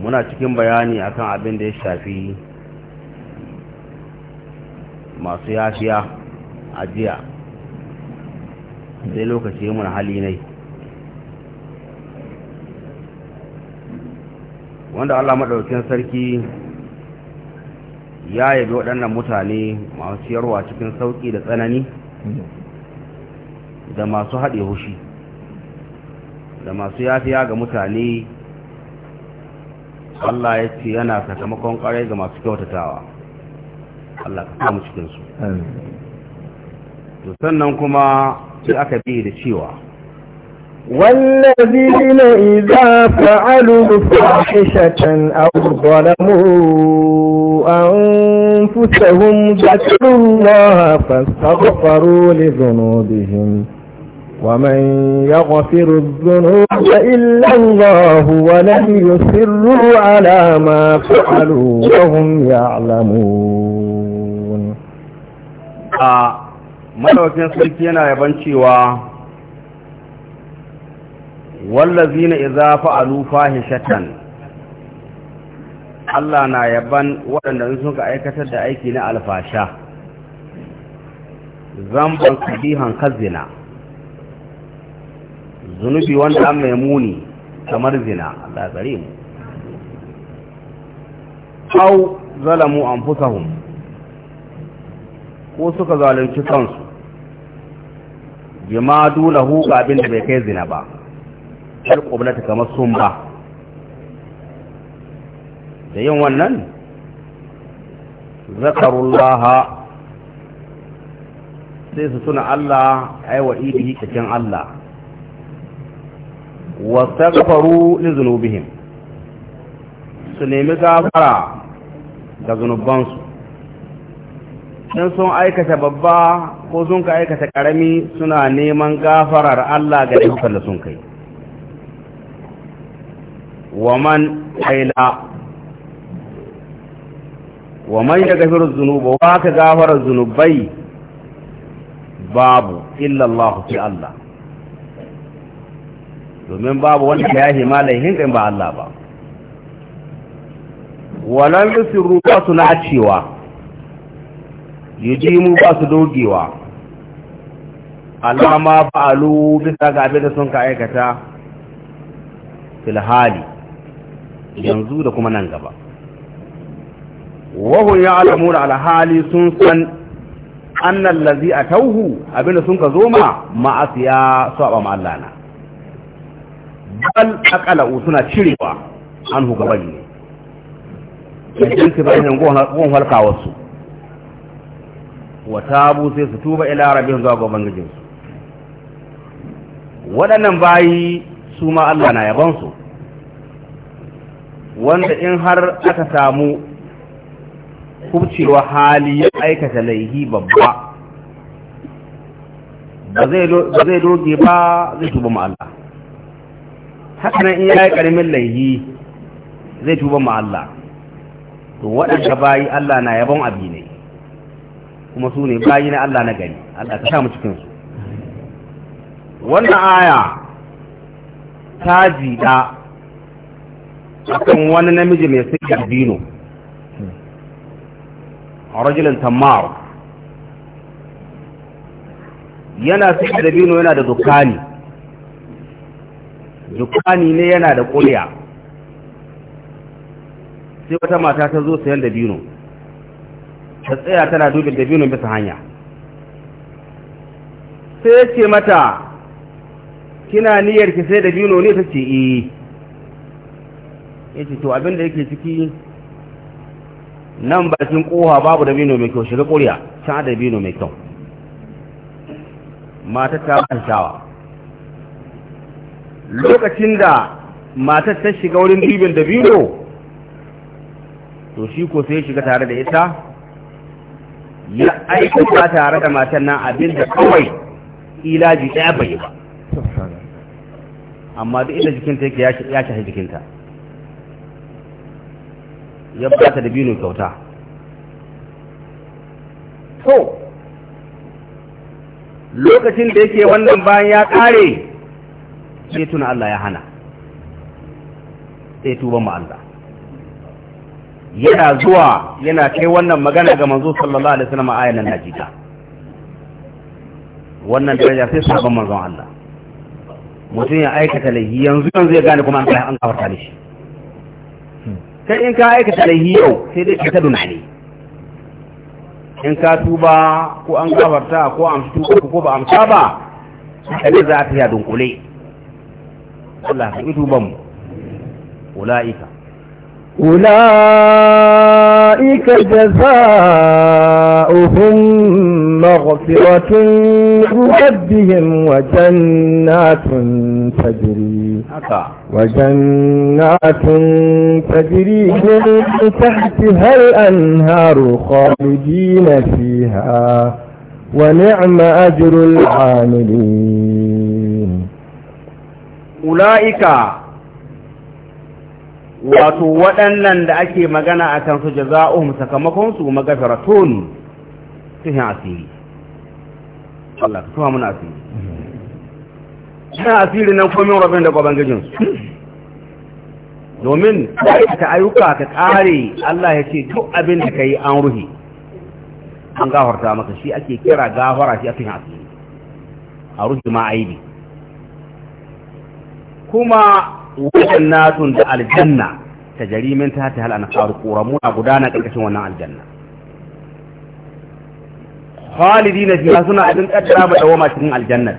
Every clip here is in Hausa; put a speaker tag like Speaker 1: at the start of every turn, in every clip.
Speaker 1: muna cikin bayani akan abin da ya shafi masu yafiya a jiya sai lokaci mun hali ne wanda Allah maɗaukin sarki ya yabi waɗannan mutane masu ciyarwa cikin sauƙi da tsanani da masu haɗe hushi da masu yafiya ga mutane Allah ya ce yana sakamakon ƙarai ga masu kyautatawa Allah ka samu cikinsu to sannan kuma sai aka bi
Speaker 2: da cewa wallazina idza fa'alu fahishatan aw zalamu anfusahum zakrullaha fastaghfiru li dhunubihim ومن يغفر الذنوب إلا الله ولم يسروا على ما فعلوا وهم يعلمون
Speaker 1: a madaukin sarki yana yaban cewa wallazina idza fa'alu fahishatan Allah na yaban waɗanda sun ka aikatar da aiki na alfasha zan zamban kabihan kazina zunubi wanda an mai muni kamar zina Allah tsare mu au zalamu anfusahum ko suka zalunci kansu jimadu lahu ga abin da bai kai zina ba har ta kamar sun ba da yin wannan zakarullaha sai su suna Allah aiwa idihi cikin Allah
Speaker 2: wastaghfaru li dhunubihim
Speaker 1: su nemi gafara ga zunubansu in sun aikata babba ko sun ka aikata karami suna neman gafarar Allah ga dukkan da sun kai wa man haila wa ya gafiru zunuba wa ka gafarar zunubai babu illa Allah fi Allah domin babu wanda ya yi malayin ɗin ba Allah ba walan isiru ba su na cewa yujimu ba su dogewa alama fa'alu bisa ga abin da sun ka aikata filhali yanzu da kuma nan gaba wahun ya alamu da alhali sun san annan lazi a tauhu abinda sun ka zo ma ma'asiya su ma Allah na bal akala suna cirewa an hu gaban
Speaker 3: ne idan ki bayan
Speaker 1: gon halka wasu wa tabu sai su tuba ila rabbihim zuwa ga su? waɗannan bayi su ma Allah na su. wanda in har aka samu kubcewa hali ya aikata laihi babba ba zai doge ba zai tuba ma Allah Hakanan iya in ya yi karamin laihi zai tuba ma Allah to waɗanda bayi Allah na yabon abi ne kuma su ne bayi na Allah na gari Allah ka samu cikin su wannan aya ta jiɗa akan wani namiji mai sikar dino a rajilin tamar yana sikar dino yana da dukani dukani ne yana da kuliya sai wata mata ta zo sayan dabino ta tsaya tana dubin dabino bisa hanya sai ya ce mata kina niyyar ki sai dabino ne ta ce eh ya ce to abinda yake ciki nan bakin kowa babu dabino mai kyau shiga kuriya can dabino mai kyau mata ta ban shawa lokacin da matar ta shiga wurin dibin da biyo to shi ko sai shiga tare da ita ya aikata tare da matar nan abin da kawai ilaji ɗaya bai ba amma duk inda jikinta yake ya shahi jikinta ya bata da binu kyauta to lokacin da yake wannan bayan ya ƙare sai tuna Allah ya hana sai tuba mu Allah yana zuwa yana kai wannan magana ga manzo sallallahu alaihi wasallam ayan nan najita wannan daraja sai sabon manzo Allah mutum ya aikata laihi yanzu yanzu ya gane kuma an kai an kafarta ne shi sai in ka aikata laihi yau sai dai ka duna ne in ka tuba ko an kafarta ko an tuba ko ba amsa ba sai za ta ya dunkule الله يتوبهم أولئك
Speaker 2: أولئك جزاؤهم مغفرة من ربهم وجنات تجري وجنات تجري من تحتها الأنهار خالدين فيها ونعم أجر العاملين
Speaker 1: ula'ika wato waɗannan da ake magana a kansu jaza'uhum sakamakonsu magafiratun tuhin asiri Allah ka tuwa muna asiri suna asiri nan komin rabin da gwabangijinsu domin ta ayyuka ka ƙare Allah ya ce duk abin da ka yi an ruhi an gafarta maka shi ake kira gafara shi a tuhin asiri a ruhi ma aibi kuma wajen natun da aljanna ta jarimin ta ta halana faru kura muna gudana ƙarƙashin wannan aljanna khalidi na fiya suna abin ƙaddara ba dawama cikin aljannar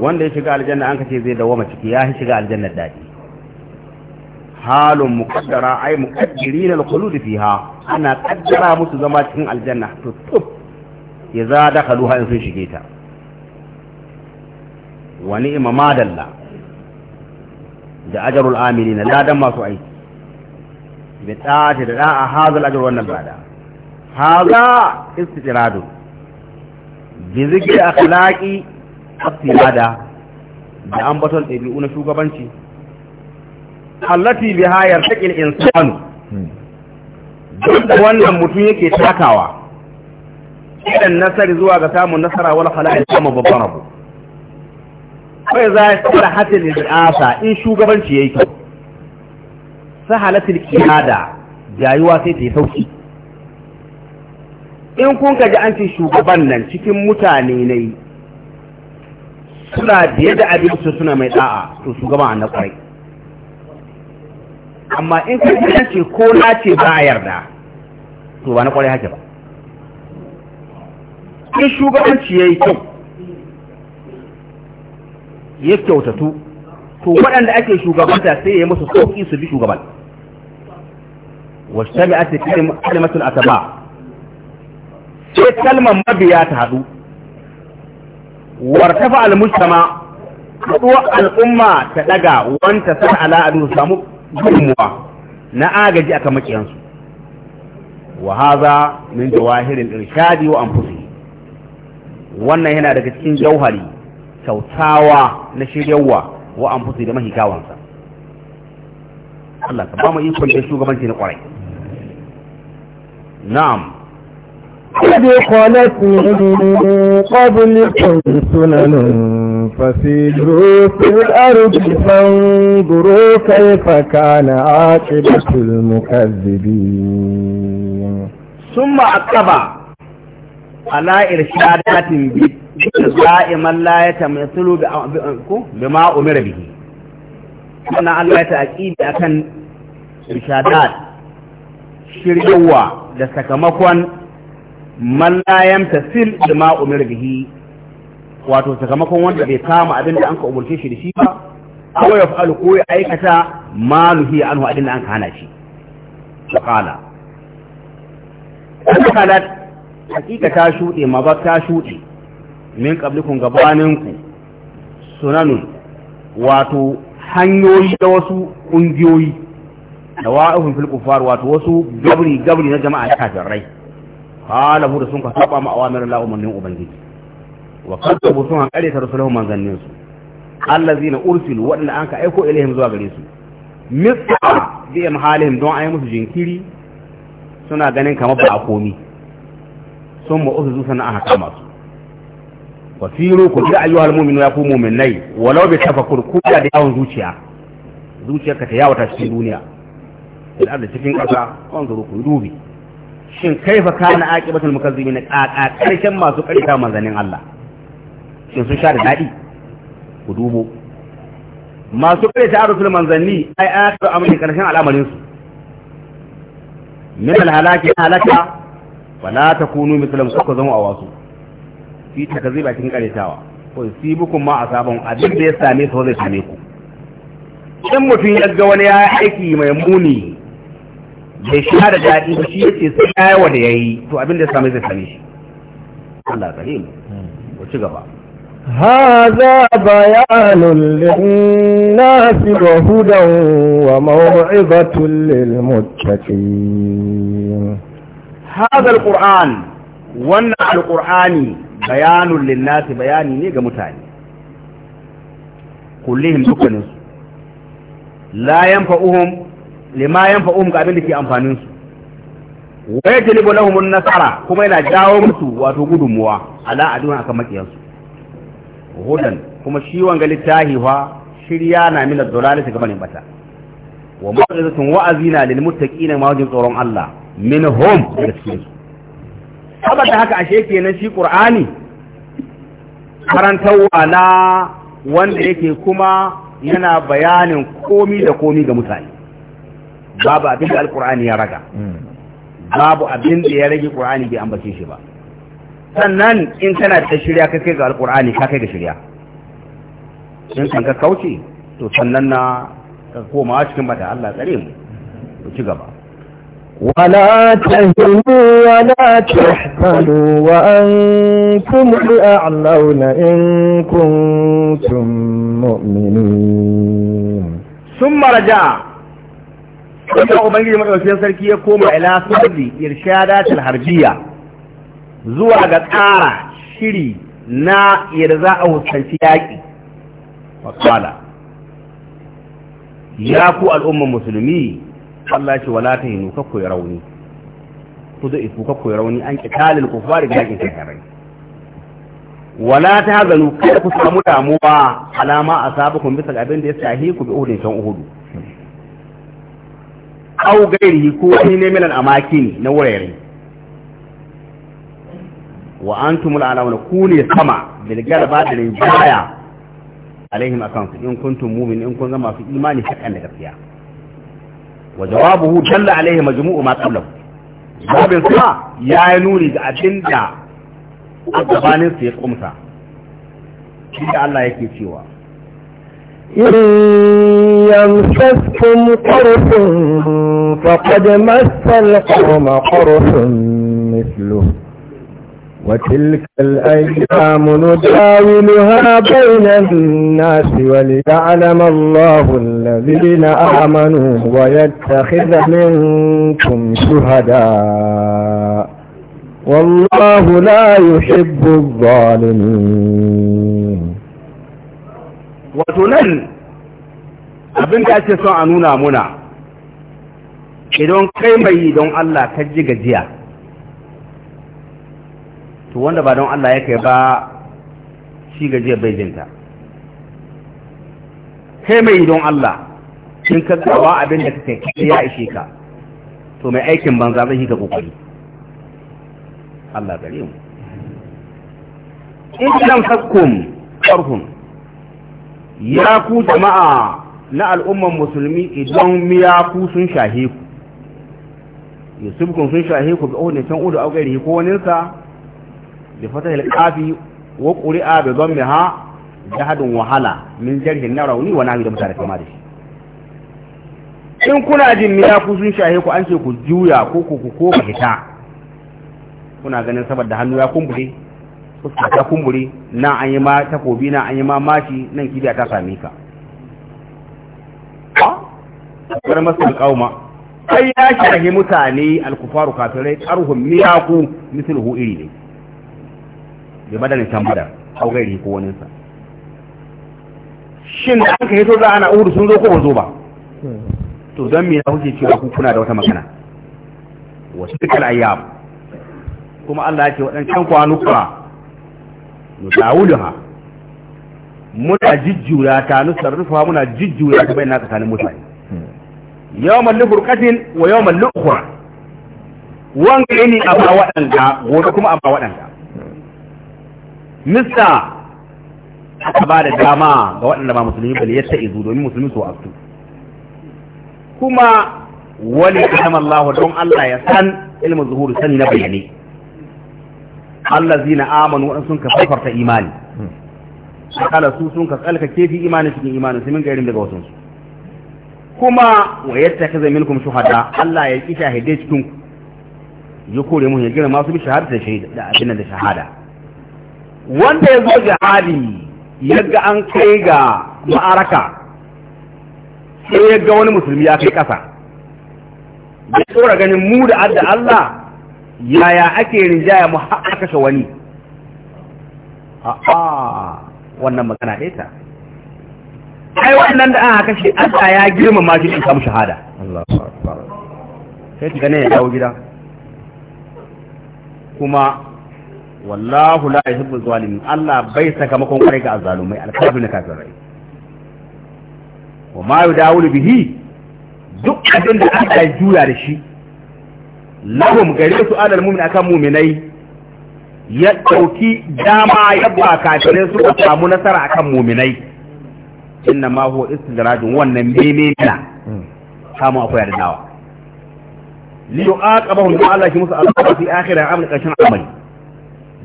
Speaker 1: wanda ya shiga aljanna an kace zai dawama ciki ya shiga aljannar daɗi halun muƙaddara ai muƙaddiri na da fiha ana ƙaddara musu zama cikin aljanna to tuf ya za da kaluha in sun shige ta wani imama dalla da ajarul amilina ladan masu aiki bi ta'ati da da'a hazal ajar wannan bada haza istiradu bi zikri akhlaqi bada da ambaton ɗabi'u na shugabanci allati biha yartaqi al-insanu da wannan mutum yake takawa idan nasari zuwa ga samun nasara wal khalaqi kuma babban rabu bai za a tsara hatin asa in shugabanci ya yi kyau sahalatul kiyada jayuwa sai ta yi sauki in kun ka ji an ce shugaban nan cikin mutane ne suna biye da abinci suna mai da'a to shugaban an na kwarai amma in ka ji an ce ko na ce ba a yarda to ba na kwarai hake ba in shugabanci ya yi kyau ya kyautatu to waɗanda ake shugabanta sai ya musu sauƙi su bi shugaban wasu tabi ake kalmatul ataba sai kalmar mabiya ta haɗu wartafa al-mujtama haɗuwar al'umma ta ɗaga wanta san ala su samu gudunmuwa na agaji akan makiyansu wa haza min jawahirin irshadi wa anfusi wannan yana daga cikin jauhari kyautawa na shiryawa wa an fusi da mahi kawansa Allah ba mu ikon da shugabanci na kwarai na'am
Speaker 2: Kudi kwanaki ƙabulikun sunanin fasiru fil'ar jifan guru kai faka na ake da filmu kazibi.
Speaker 1: Sun ma'akaba ala irshadatin biyu za'iman la ya tamathalu bi ko bima umira bihi wannan Allah ya ta'aqidi akan irshadat shiryawa da sakamakon man sil. yamtasil bima bihi wato sakamakon wanda bai kama abin da an ka umurce shi da shi ba ko ya fa'alu ko ya aikata ma nuhi abin da an ka hana shi qala kalat hakika ta shuɗe ma ta shuɗe min qablikum gabaninku sunanun wato hanyoyi da wasu ƙungiyoyi da wa'ihun fil kufar wato wasu gabri gabri na jama'a da kafirai halahu da sun ka saba ma awamir Allah umarnin ubangiji wa kadzabu sun hankali ta rasuluhu manzannin su allazina ursilu wadanda an ka aiko ilaihim zuwa gare su mista bi imhalihim don ayi musu jinkiri suna ganin kamar ba a komi sun ma'uzu sannan aka kama su wasiru ku ji al mu'minu ya ku mu'minai walau bi tafakkur ku da yawan zuciya zuciyarka ta yawata cikin duniya idan da cikin ƙasa on zuru ku dubi shin kaifa kana aqibatul mukazzibin a karshen masu karita manzanin Allah shin sun sha da dadi ku dubo masu karita arsul manzanni ai aqibatul amrin karshen al'amarin su min al halaki halaka wala takunu mithlan suka zama awasu fi takziba cikin karetawa ko sibukum ma abin da ya same su zai same ku
Speaker 4: in mutum ya ga wani ya
Speaker 1: aiki mai muni bai sha da daɗi ba shi yace sai ya yawa da yayi to abin da ya same zai same shi Allah karim ku ci gaba هذا
Speaker 2: بيان للناس وهدى وموعظة للمتقين هذا
Speaker 1: القرآن وانا القرآن bayanun linnasi bayani ne ga mutane kullihim dukkaninsu la yanfa'uhum lima yanfa'uhum ga abin da ke amfanin su wa libo lahum an-nasara kuma yana jawo musu wato gudunmuwa ala aduna akan makiyansu hudan kuma shi wanga littahi wa shirya na min ad su ga banin bata wa mu'izatun wa'azina lil muttaqina ma wajin tsoron Allah minhum cikinsu. saboda haka ashe kenan shi ƙur'ani, karantarwa na wanda yake kuma yana bayanin komi da komi ga mutane babu abin da Alƙur'ani ya raga babu abin da ya rage kurani bai ambace shi ba sannan in kana da shirya ka kai ga Alƙur'ani ka kai ga shirya in kan ka kauce to sannan na koma cikin mata Allah tsare mu
Speaker 2: ci gaba ولا تهنوا ولا تحزنوا وأنتم الأعلون إن كنتم مؤمنين
Speaker 1: ثم رجع wanda ubangiji madaukakin sarki ya koma ila sabri irshadatul harbiya zuwa ga tsara shiri na za a huskanci yaƙi wa ya al'umman musulmi Allah ce wala ta hinu kakko ya rauni to da isu kakko ya rauni an kitalil kufari da yakin kafirai wala ta hazanu kada ku samu damuwa alama asabakum bisa abin da ya sahi ku bi uhudin tan uhudu au gairi ko wani ne milan amakin na wurare wa antumul alamun ku ne sama bil galba da baya alaihim akan su in kuntum mu'min in kun zama su imani hakan da gaskiya وجوابه جل عليه مجموع ما قبله
Speaker 3: جوابين سا
Speaker 1: يا نوري ذا أجن دا أقبانين كي
Speaker 2: الله يكي إن يمسكم قرف فقد مس القوم قرف مثله وتلك الأيام نداولها بين الناس وليعلم الله الذين آمنوا ويتخذ منكم شهداء والله لا يحب الظالمين
Speaker 1: وتنل abin da ake son a nuna muna idan kai mai don Allah ka ji gajiya to wanda ba don Allah ya kai ba shi gajiyar bai jinta kai mai don Allah in ka gawa abin da kake kai ya ishe ka to mai aikin banza zai ga kokari Allah gare mu
Speaker 3: in lam takum
Speaker 1: qarhum ya ku jama'a na al'umman musulmi idan miya ku sun shahe ku kun sun shahe ku ga ohun can udu a gari ko sa bi fatahil qafi wa quri'a bi dhammiha jahadun wahala min jarhin na rauni wa nahi da mutare kama da shi in kuna jin miya ku sun shahe ku an ce ku juya ko ku ku koma hita kuna ganin saboda hannu ya kumbure fuska ta kumbure na an yi ma takobi na an yi ma mashi nan kibiya ta same ka wani masu kauma sai ya shahi mutane alkufaru kafirai karhun miyaku misulhu iri ne bi badalin can bada au gairi ko wani sa shin da an yi so za ana Uhuru sun zo ko ba zo ba to don me na kuke cewa ku kuna da wata magana Wasu dukkan ayyam kuma Allah ya ce waɗancan kwanuka nudawuluha muna jijjura ta nusarrufa muna jijjura ta bayyana tsakanin mutane yawmal lifurqatin wa yawmal lukhra wanga ne a ba waɗanda gobe kuma a ba waɗanda mista aka ba da dama ga waɗanda ba musulmi bal ya ta izu domin musulmi su aftu kuma wani kama Allah don Allah ya san ilmu zuhuru sani na bayane Allah zina amanu waɗansu sun ka farfarta imani akala su sun ka tsalka kefi imani cikin imani su min gairin daga wasansu kuma wa yadda ka zai minkum shuhada Allah ya ƙi shahidai cikin ku ya kore mun ya gina masu bi shahada da shahada da abin da shahada wanda ya zo jihadi yadda an kai ga ma'araka sai ya ga wani musulmi ya kai ƙasa ya tsora ganin mu da adda Allah yaya ake rinjaya mu har kashe wani a'a wannan magana ɗaya ta ai wannan da aka kashe Allah ya girmama shi in samu shahada sai ki ne ya dawo gida kuma wallahu la yuhibbu zalimin Allah bai sakamakon kwarai ga azzalumai alkafir na kafirai wa ma yudawulu bihi duk abin da Allah ya juya da shi
Speaker 3: lahum gare
Speaker 1: su alal mu'min akan mu'minai ya dauki dama ya ba kafirai su samu nasara akan mu'minai inna ma huwa istidrajun wannan menena kama akwai da dawa li yu'aqabahum Allah shi musu alqaba fi akhirah amri qashin amali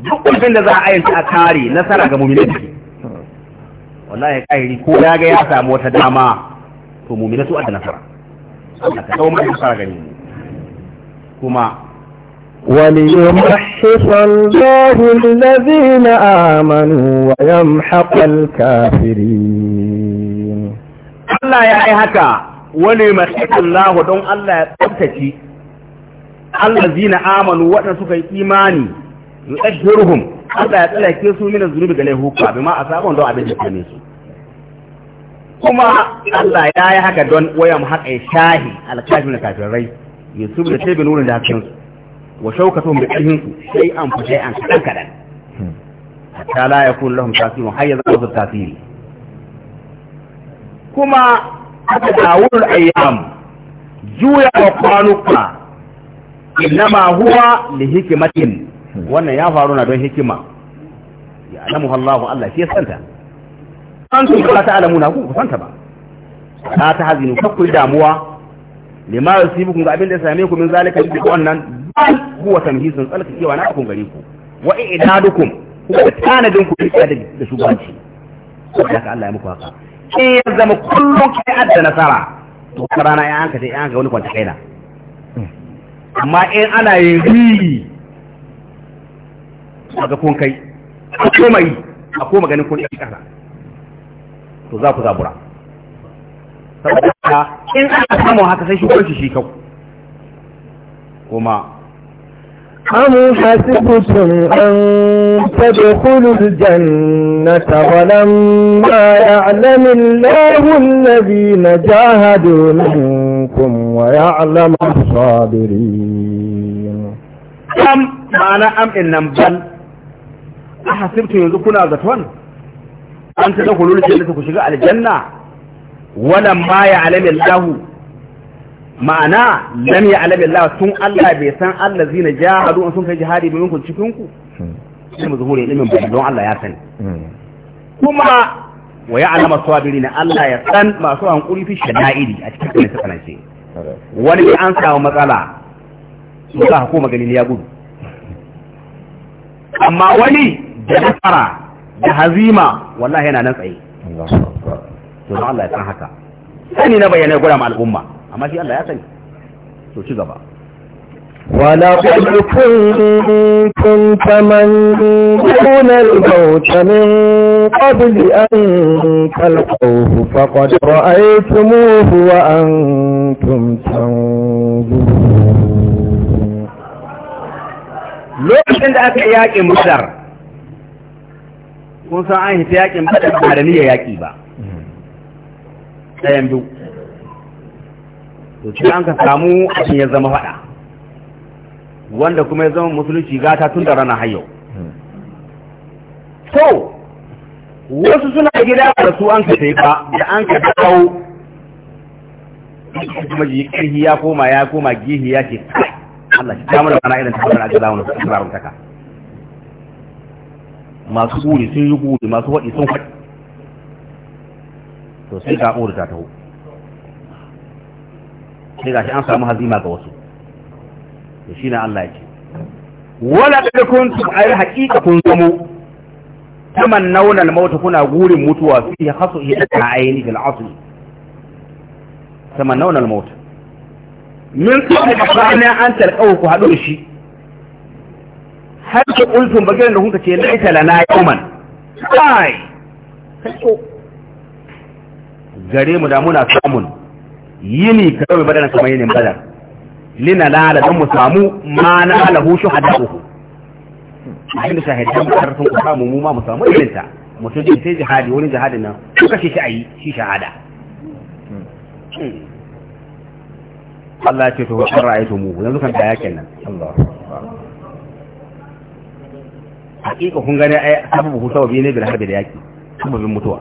Speaker 1: duk kulfin da za a ayyanta a kare nasara ga mumina take wallahi kairi ko ya ga ya samu wata dama to mumina su adda nasara Allah ka dawo mai nasara gani kuma
Speaker 4: وليمحص
Speaker 2: الله الذين آمنوا ويمحق الكافرين
Speaker 1: الله يا إيهكا وليمحص الله دون الله يتبتكي الذين آمنوا suka سكي إيماني yu'adduruhum Allah ya tsallake su min zunubi ga laihuka bima asabun don abin da kame su kuma Allah ya yi haka don wayan haƙa shahi alkafin da kafirai yusuf da sai nurin da hakan su wa shaukatun bi ƙarfin su sai an fa sai an kadan kadan hatta la yakun lahum tasirun har yanzu su tasiri
Speaker 3: kuma haka dawul ayyam
Speaker 1: juya wa kwanuka
Speaker 3: innama huwa
Speaker 1: li hikmatin wannan ya faru na don hikima ya alamu Allah Allah shi ya santa an tun ba ta alamu na ku ku santa ba ta ta hazinu kakkul damuwa su yi ga abin da ya same ku min zalika da wannan bal huwa tamhizun cewa na kun gare ku
Speaker 3: wa i'dadukum
Speaker 1: ku da tanadin ku da shugabanci haka Allah ya muku haka
Speaker 3: in ya zama kullum kai adda
Speaker 1: nasara to rana ya hanka sai ya hanka wani kwanta kaina amma in ana yin riri a ga kun kai a koma yi a koma ganin kun yi kasa to za ku zabura
Speaker 3: saboda in aka samu haka sai shugabanci
Speaker 2: shi kau kuma
Speaker 3: أم
Speaker 1: حسبتم
Speaker 2: أن تدخلوا الجنة ولما يعلم الله الذين جاهدوا منكم ويعلم الصابرين
Speaker 3: أم
Speaker 1: معنى أم إن بل a hasibtu yanzu kuna zaton an ta dakhulu al-jannata ku shiga aljanna wala ma ya'lamu lahu? ma'ana lam ya'lamu Allah tun Allah bai san Allah zina jahadu an sun kai jihadi bai minkum cikin ku sai mu zuhure ilimin ba don Allah ya sani kuma wa ya'lamu sabirina Allah ya san masu hankuri fi shada'iri a cikin kai suka ce wani an samu matsala ba ka koma ne ya gudu
Speaker 3: amma wani
Speaker 1: da nasara da hazima wallahi yana nan tsaye to don Allah ya san haka sani na bayyana gura ma al'umma amma shi Allah ya sani
Speaker 2: to ci gaba wala
Speaker 3: kullukum
Speaker 2: kun taman kun al-bauta min qabli an talqahu faqad ra'aytumuhu wa antum tanzurun
Speaker 3: lokacin da aka yaƙi musar
Speaker 1: kun san an hita yakin badar ba da niyyar yaki ba ɗayan biyu to shi an ka samu abin ya zama faɗa wanda kuma ya zama musulunci gata tun da ranar hayo so wasu suna gida da su an ka ba da an ka kawo kuma ji ƙarfi ya koma ya koma gihi ya ce Allah shi ta mana mana irin ta fara ajiyar zaune su ta masu buri sun yi buri masu waɗi sun faɗi to sai ga ƙuri ta taho sai ga shi an samu hazima ga wasu to shi na Allah ya ce wala da kun su a yi haƙiƙa kun zamo taman naunar mauta kuna gurin mutuwa su. ya haso iya ta aini Ta asli taman naunar mauta min su da bayan an talƙawa ku haɗu da shi har ke ulfin bagiran da kuka ce laita lana yawman kai kaso gare mu da muna samun yini ka rabe badana kamar yini badar lina la don mu samu ma na lahu shuhada'uhu abin da shahidan har sun samu mu ma mu samu ilinta mutum din sai jihadi wani jihadi nan kuka shi ayi shi shahada Allah ya ce to to mu yanzu kan da yakin nan Allah hakika kun gani ai sababu hu sababi ne bil harbi da yaki sababin mutuwa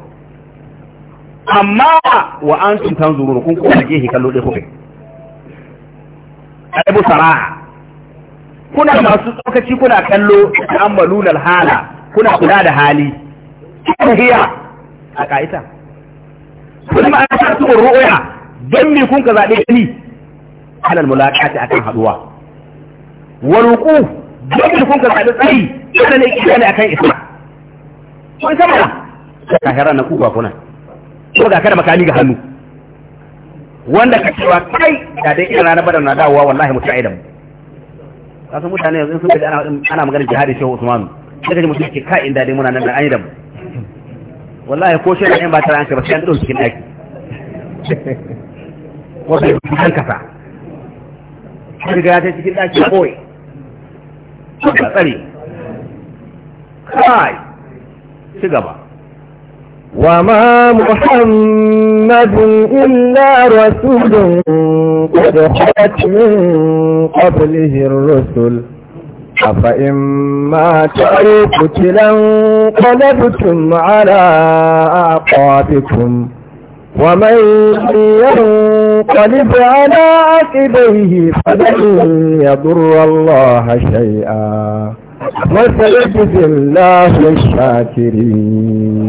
Speaker 1: amma wa an tanzurun kun ko aje shi kallo dai kuke ai bu sara'a kuna masu tsokaci kuna kallo ta'ammalun hala, kuna kula da hali hiya a ka'ita kuma an ta su ru'ya dan me kun ka zabe ni halal mulaqati akan haduwa wa ruku dan me kun ka zabe tsayi dole ne ki gane akan isma kun sama Ka kahira na kuka kuna ko ga kada makami ga hannu wanda ka cewa kai da dai ina ranar badar na dawowa wallahi mu ta'idan kasu mutane yanzu sun kaji ana maganar jihadi shehu usmanu sai kaji mutum ke kai inda dai muna nan da an yi da mu wallahi ko shi ɗan ba tara an kai ba sai an ɗauki cikin ɗaki wato ya fi kan kasa har riga ya ta cikin ɗaki kawai ba tsare ci
Speaker 2: gaba wa ma muhammadin illa rasulun kudu hatimin kwabilihin rasul afa in ma ta yi kutilan kwanabutun ma'ala a kwafikun ومن ينقلب على عقبيه فلن يضر وسيجزي الله الشاكرين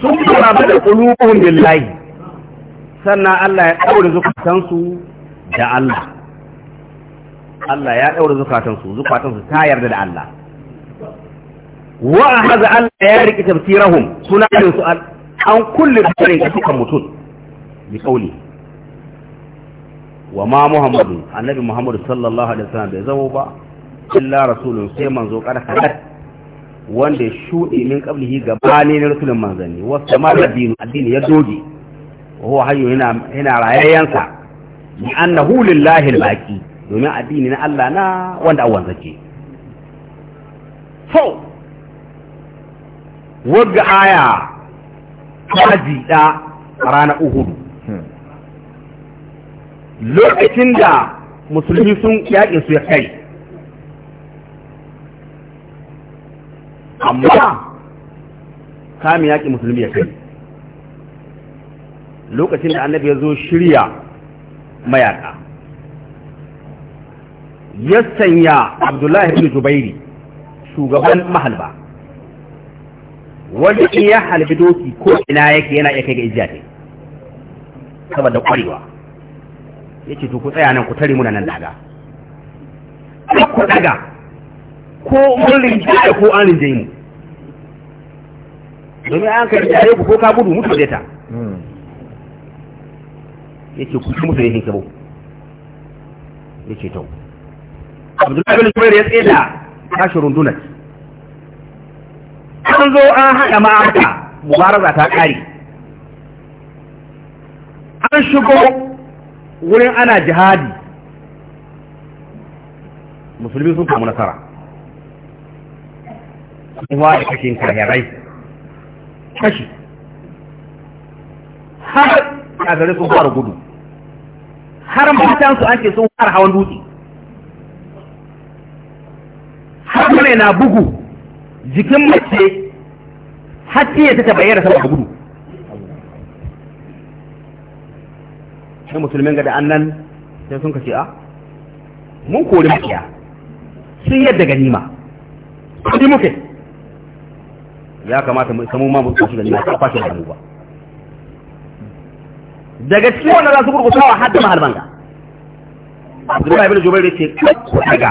Speaker 1: sun
Speaker 3: da ƙulubun lillahi
Speaker 1: sannan Allah ya ɗaure zukatansu da Allah Allah ya ɗaure zukatansu zukatansu ta yarda da Allah wa a haza Allah ya riƙe suna su an kulle tsarin kasukan mutum bi ƙauli wa ma muhammadu annabi muhammadu sallallahu alaihi wasallam bai zama ba illa rasulun sai manzo kar halat wanda ya shuɗe min qablihi gabani na rasulun manzanni wa samar addini addini ya doge wa huwa hayyu yana yana rayayyansa bi annahu lillahi albaqi domin addini na Allah na wanda awan zake so wagga aya ta jida ranar uhudu hmm. lokacin da musulmi sun yaƙi su ya kai amma kame yaƙi musulmi ya kai lokacin da annabi ya zo shirya mayaka, ya sanya abdullahi ibn jubairi shugaban mahalba wanda in ya halbi doki ko ina yake yana iya kai ga ijiya saboda kwarewa yace to ku tsaya nan ku tare mu nan daga ku daga ko mun da ko an rinjaye mu domin an kai rinjaye ku ko ka gudu mutu zai ta hmm. yace ku ci musu yake ya yace to Abdullahi bin Zubair ya tsaye da tashi rundunar an zo an haɗa ma'arka mubaraza ta ƙari an
Speaker 3: shigo
Speaker 1: wurin ana jihadi musulmi sun kamu nasara kuma da kashin kahirai kashi har kafirai sun fara gudu har su ake sun fara hawan dutse har na bugu jikin mace har ta ta bayyana saboda gudu sai musulmin ga da annan sai sun kace a ah, mun kori makiya sun yadda ganima kudi muke ya kamata mu samu ma mu kashi ganima ta fashe da mu ba daga cikin wannan za su sawa har da mahalban ga Abdullahi ibn Jubair ya ce ku daga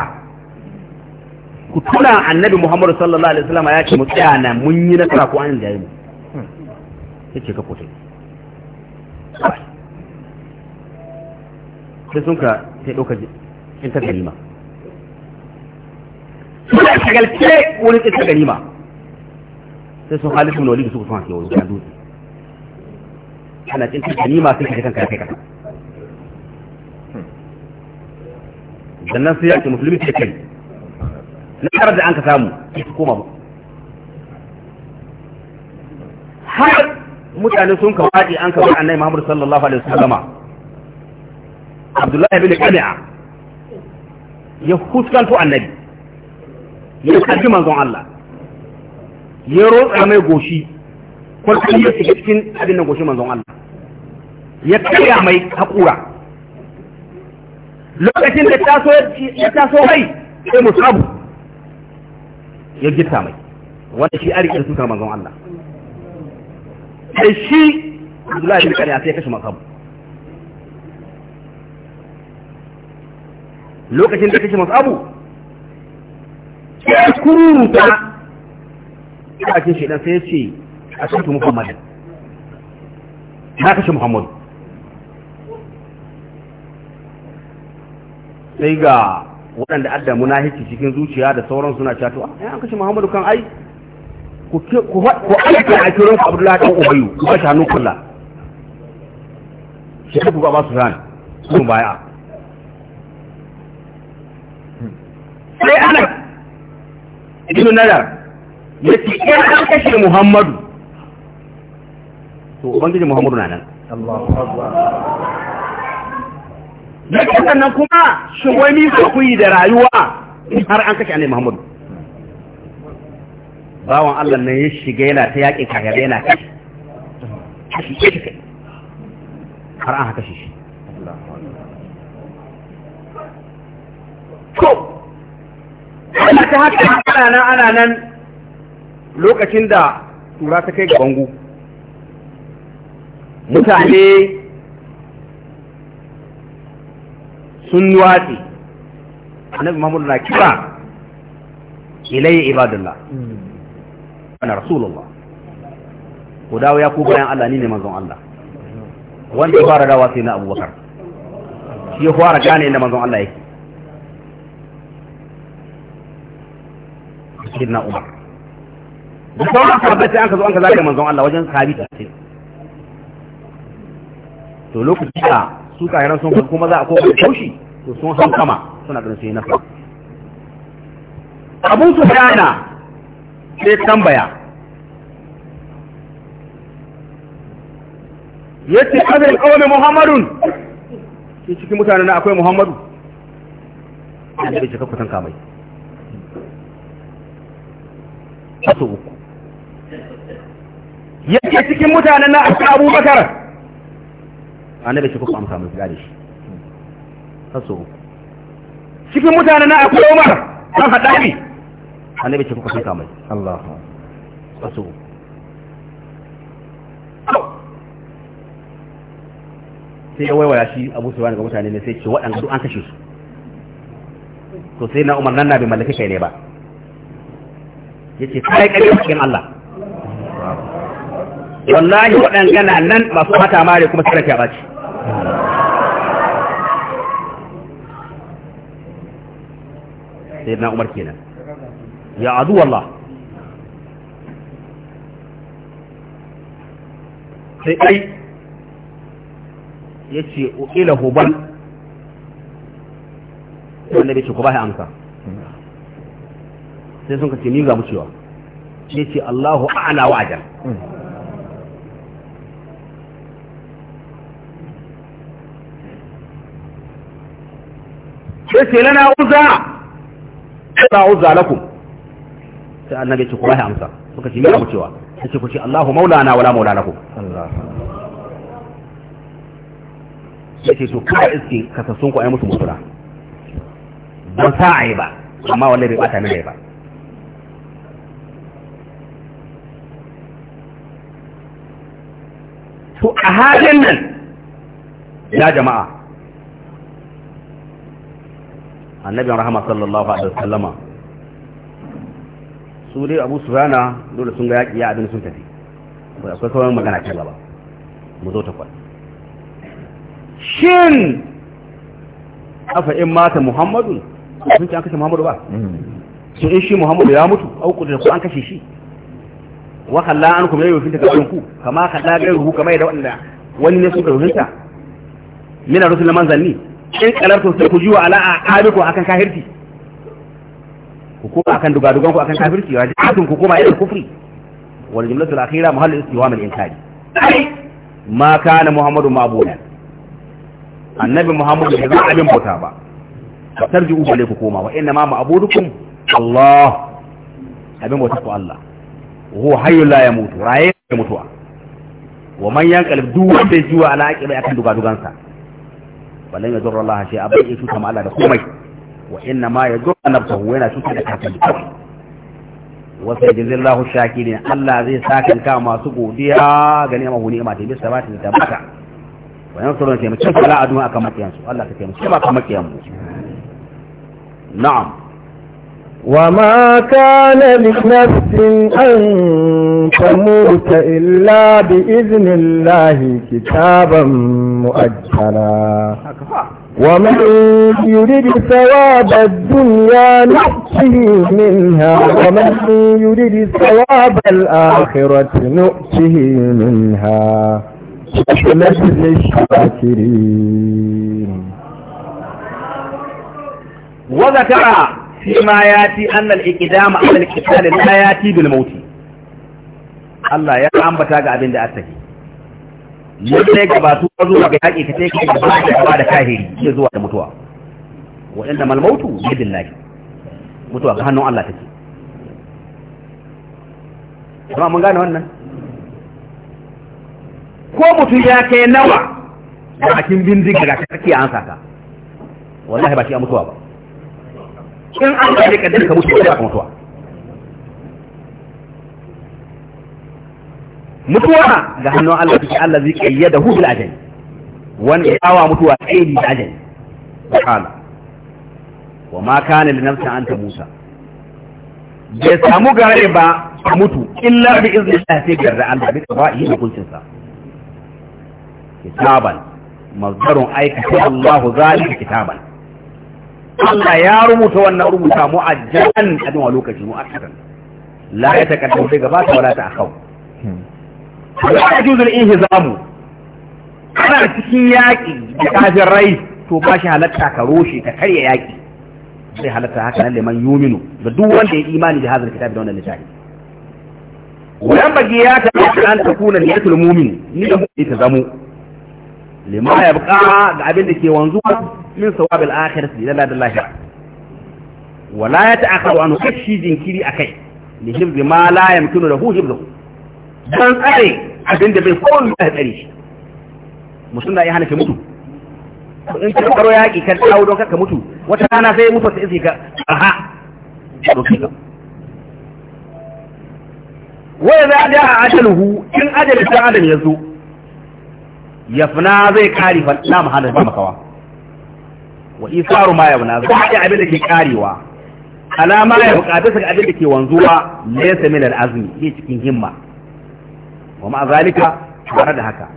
Speaker 1: ku tuna annabi Muhammadu sallallahu alaihi wasallam ya ce mu tsaya nan mun yi nasara ko an jaye mu yace ka kote sai sun ka sai ɗauka in ta ganima suna shagalce wurin in ta ganima sai sun halin sun loli da suka suna kewaye wajen dutse ana cin ta ganima sai ka kanka ya kai kasa sannan sai ya ce musulmi ce kai na karar da an ka samu sai su koma har mutane sun ka an ka waɗe annai muhammadu sallallahu alaihi wasallama abdullahi bin qadi'a ya fuskanto annabi ya kaji manzon Allah ya rotsa mai goshi kwalkwal ya shiga cikin abin da goshi manzon Allah ya kaya mai haƙura
Speaker 3: lokacin da ya taso mai sai musabu
Speaker 1: ya gita mai wanda shi a rikin suka manzon Allah sai shi Abdullahi bin Kariya sai ya kashe musabu lokacin da kashe masu abu ya kuruta a cikin shaidan sai ya ce a cikin muhammadu na kashe muhammadu sai ga waɗanda adda hiki cikin zuciya da sauran suna cato, ya an kashe muhammadu kan ai ku aiki a kiran ku abdullahi ɗan ubayu ku kashe hannun kula shi ku ba su rani sun baya sai ana ibn nada ya
Speaker 3: ce in an kashe
Speaker 1: muhammadu to ubangiji muhammadu na nan ce sannan kuma shi wani ku yi da rayuwa har an kashe annabi muhammadu bawan allah nan ya shiga yana ta yaƙin kafirai yana kashe har an haka shi shi ana ta haka ana nan ana nan lokacin da tura ta kai ga bango mutane sun nuwatsi annabi Mahmud na kira ilayya ibadullah ana rasulullah ku dawo ya ku bayan Allah ni ne manzon Allah wanda ya fara dawa sai na Abubakar shi ya fara gane inda manzon Allah yake sayyidina Umar da sauran sahabbai sai an ka zo an ka zagaye manzon Allah wajen sahabi ta ce to lokaci da su kayan sun kuma za a koka kaushi to sun hau kama suna ganin sai nafa Abu Sufyana sai tambaya yace azal qawmi Muhammadun cikin mutanen akwai Muhammadu annabi ya kafa tanka mai su uku
Speaker 5: yake cikin mutanen na akwai abubakar
Speaker 1: annabi shi kuka amsa mai gare shi kaso uku cikin mutanen na akwai umar an haɗa ne annabi shi kuka amsa mai Allah kaso uku sai ya waiwaya shi abu su ga mutane ne sai ce waɗanda duk an kashe su to sai na umar nan na bai mallaki kai ne ba yace kai kare cikin Allah wallahi waɗangana nan masu mata mare kuma su rafiya bace
Speaker 5: sai na umar kenan
Speaker 1: ya azu wallah sai ai ya ce ila huban wanda bai ce ku ba ya amsa sai sun kace ni ga cewa sai ce Allahu a'la wa ajal
Speaker 3: sai ce lana uza
Speaker 1: ta uza lakum sai annabi ce kuma ya amsa suka ce ga cewa sai ce ku ce Allahu maulana wala maula lakum sai ce to kai iske kasassun ku ai musu musula ba sa'i ba amma wallahi bai bata ne ba a halin nan ya jama'a annabin rahama sallallahu alaihi wasallama su dai abu su rana dole sun ga yaƙi ya abin sun tafi akwai kawai magana ta gaba mu zo ta kwan shin afa in mata muhammadu sun ce an kashe muhammadu ba mm. sun in shi muhammadu ya mutu auku da ku an kashe shi wa kalla an kuma yayin fita gaban ku kama kalla gairu kamar da wanda wani ne suka rubuta mina rusul manzanni in kalartu sai ku ji wa ala'a abiku akan kafirci ku koma akan dugadugan ku akan kafirci wa jihadun ku koma irin kufri wal jumlatu al akhira mahallu istiwam al inkari ma kana muhammadu ma'budan annabi muhammadu bai zama abin bauta ba tarji'u ku koma wa inna ma ma'budukum Allah abin bauta ku Allah huwa hayyu la yamutu raye ya mutuwa wa man yanqalib duk wanda ya jiwa ala aqibai akan dugadugansa balan ya zurra Allah shi bai su kama Allah da komai wa inna ma yadurra nafsuhu yana cutar da kansa kawai wa sayyidillahu shakirin Allah zai saka ka masu godiya ga ni'ama hu ni'ama ta bi sabati da tabata wa yansurun taimakon kala aduna akan makiyansu Allah ka taimake ba kan makiyan mu na'am
Speaker 2: وما كان لنفس أن تموت إلا بإذن الله كتابا مؤجلا ومن يريد ثواب الدنيا نؤته منها ومن يريد ثواب الآخرة نؤته منها
Speaker 5: الشاكرين
Speaker 1: وذكر fi ma ya ci annal iqdama alal qital la yati bil maut Allah ya ambata ga abin da aka yi lalle gabatu zuwa ga yaƙi ka take da ba da kahiri ke zuwa da mutuwa wa inda mal mautu bidillahi mutuwa ga hannun Allah take kuma mun gane wannan ko mutum ya kai nawa bakin bindiga ga kake an saka wallahi ba shi a mutuwa ba
Speaker 3: in an ba da kaddar
Speaker 1: ka mutu ba mutuwa mutuwa ga hannun Allah take Allah zai kayyada hu bil ajali wanda yawa mutuwa kayyadi da ajali qala wa ma kana li nafsin anta musa bai samu gare ba a mutu illa bi izni Allah sai garra Allah bi tawahi hukuncin sa kitaban mazdarun aikata Allah zalika kitaban Allah ya rubuta wannan rubuta mu a jan abin wa lokaci mu akadan la ya takaddam sai gaba ta wala ta akau la yajuzu al-ihzam kana cikin yaki da kafin rai, to ba shi halatta ka roshe ka karya yaki sai halatta haka nan liman yuminu ga duk wanda ya imani da hazar kitab da wannan littafi wayan bagi ya ta an takuna niyatul mu'min ni da mu ta zamo. lima ya buƙa ga abin da ke wanzuwa min sawabil akhirati lalla da lahira wala ya ta'akharu anhu kashi jinkiri akai li hibbi ma la yamkinu lahu hibbu dan tsare abin da bai kowanne ya tsare shi mutum da ya hana shi mutu in ka karo yaƙi ka dawo don ka mutu wata rana sai mutu ta izi ka aha wai za a ja a ajaluhu in ajalin dan adam ya zo yafna zai kare fa la mahala ba makawa wa isaru ma yabna zaɓi abin da ke karewa alama ya buƙata su ga abin da ke wanzuwa laysa min al-azmi ke cikin himma wa ma zalika tare da haka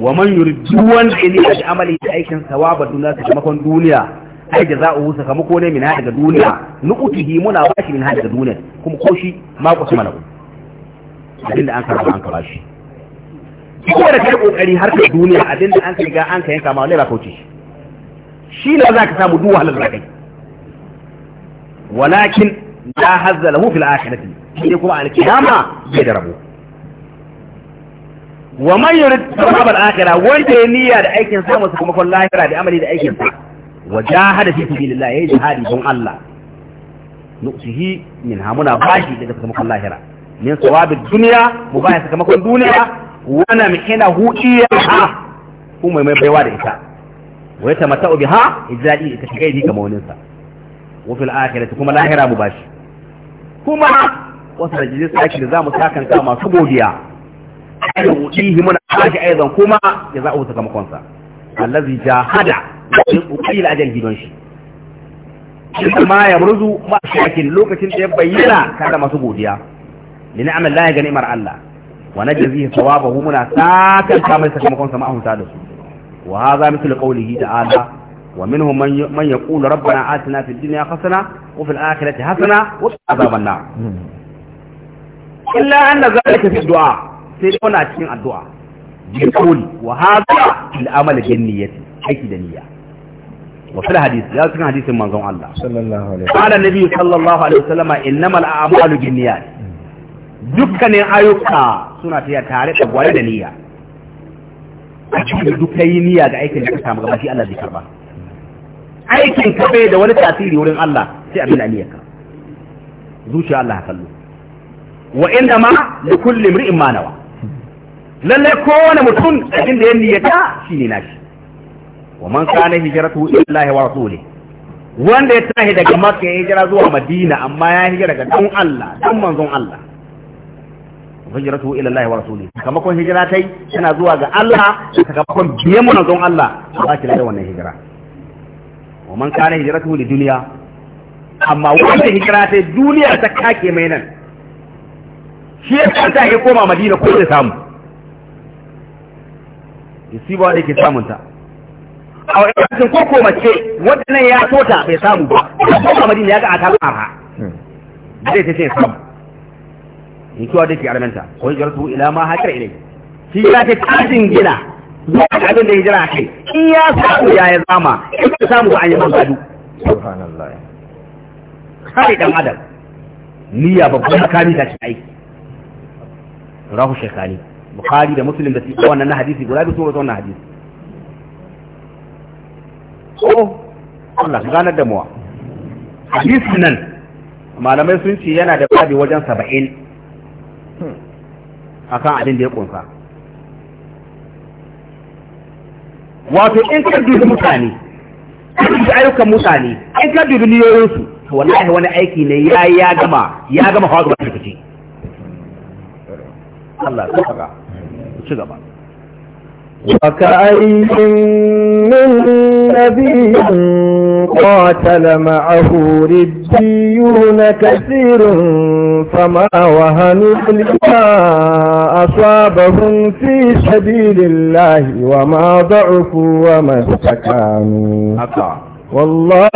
Speaker 1: wa man yurju wanda ne da amali da aikin sawaba duniya kon duniya ai jaza'uhu sakamako ne min daga duniya nuqutihi muna bashi min daga duniya kuma ko shi ma ku sama lahu abin da an karba an karba shi ko da kai kokari harkar duniya abin da an riga an kayanka ma ne ba kauce shi shi ne za ka samu duk wahalar da kai walakin la hazza lahu fil akhirati sai kuma al-kiyama bai da rabo wa man yurid thawab al-akhirah wanda ya niyya da aikin sa masa kuma kon lahira da amali da aikin sa wa jahada fi sabilillah yayi jihadi don Allah nusihi min hamuna bashi da kuma kon lahira min sawabi dunya bayan sakamakon duniya wa na mihina hu iyaha kuma mai baiwa da ita wa ya tamatta'u biha ijadi ka shiga yi kamar wani sa wa fil akhirati kuma lahira mu bashi kuma wasu da jiji saki da zamu sakan ka masu godiya ayyuka utihi mun ashi aizan kuma ya za'u sakamakon sa allazi jahada bi uqil ajal hidon shi kuma ya murzu ma shakin lokacin da ya bayyana kada masu godiya li ni'amallahi ga ni'mar Allah wa najzihi thawabahu muna sakan ka mai sakamakon sa ma'ahunta da su وهذا مثل قوله تعالى ومنهم من من يقول ربنا آتنا في الدنيا حسنة وفي الآخرة حسنة وعذاب النار إلا أن ذلك في الدعاء سيدنا cikin الدعاء يقول وهذا الأمل الجنية حيث دنيا وفي الحديث يا سكن حديث من منظوم الله صلى
Speaker 2: الله عليه وسلم قال
Speaker 1: النبي صلى الله عليه وسلم إنما الأعمال بالنيات دكني أيوكا سنة فيها تاريخ da دنيا da duk yi niyya ga aikin da ka samu gaba shi Allah zai karba aikin ka bai da wani tasiri wurin Allah sai abin da niyyarka zuciya Allah kallo wa inda ma da kulli muri ma nawa lalle kowane mutum abin da ya niyyata shi ne nashi wa man kana hijratu ila Allah wa rasuli wanda ya tahi daga Makka ya hijira zuwa Madina amma ya hijira ga dan Allah dan manzon Allah hijratu ila Allah wa rasuli sakamakon hijira tai tana zuwa ga Allah sakamakon biyan don Allah ba ki da wannan hijira wa man kana hijratu li dunya amma wanda hijira tai duniya ta kake mai nan shi ya kanta ya koma Madina ko da samu yusiba da ke samunta a wajen ko ko mace wanda nan ya tota bai samu ba ko Madina ya ga a ta ha? Hmm. zai ta ce samu in kiwa da ke alamanta ko hijratu ila ma hajar ilai shi ya ce tashin gina zuwa abin da ya jira kai
Speaker 3: in ya samu ya ya
Speaker 1: zama in ka samu ba an yi mangadu kare subhanallah dan adam niyya babban makami ta ce aiki rahu shekani bukhari da musulun da su wannan na hadisi guda da su wannan hadisi ko oh, Allah ganar da muwa Hadisi nan malamai sun ce yana da babi wajen saba'in akan abin da ya kunsa wato in ka dubi mutane ka ayyukan mutane in ka dubi niyoyinsu wallahi wani aiki ne ya ya gama ya gama hawa zuwa tarkace
Speaker 2: Allah ya saka ci gaba وكأين
Speaker 3: من نبي
Speaker 2: قاتل معه ربيون كثير فما وهنوا لما أصابهم في سبيل الله وما ضعفوا وما استكانوا والله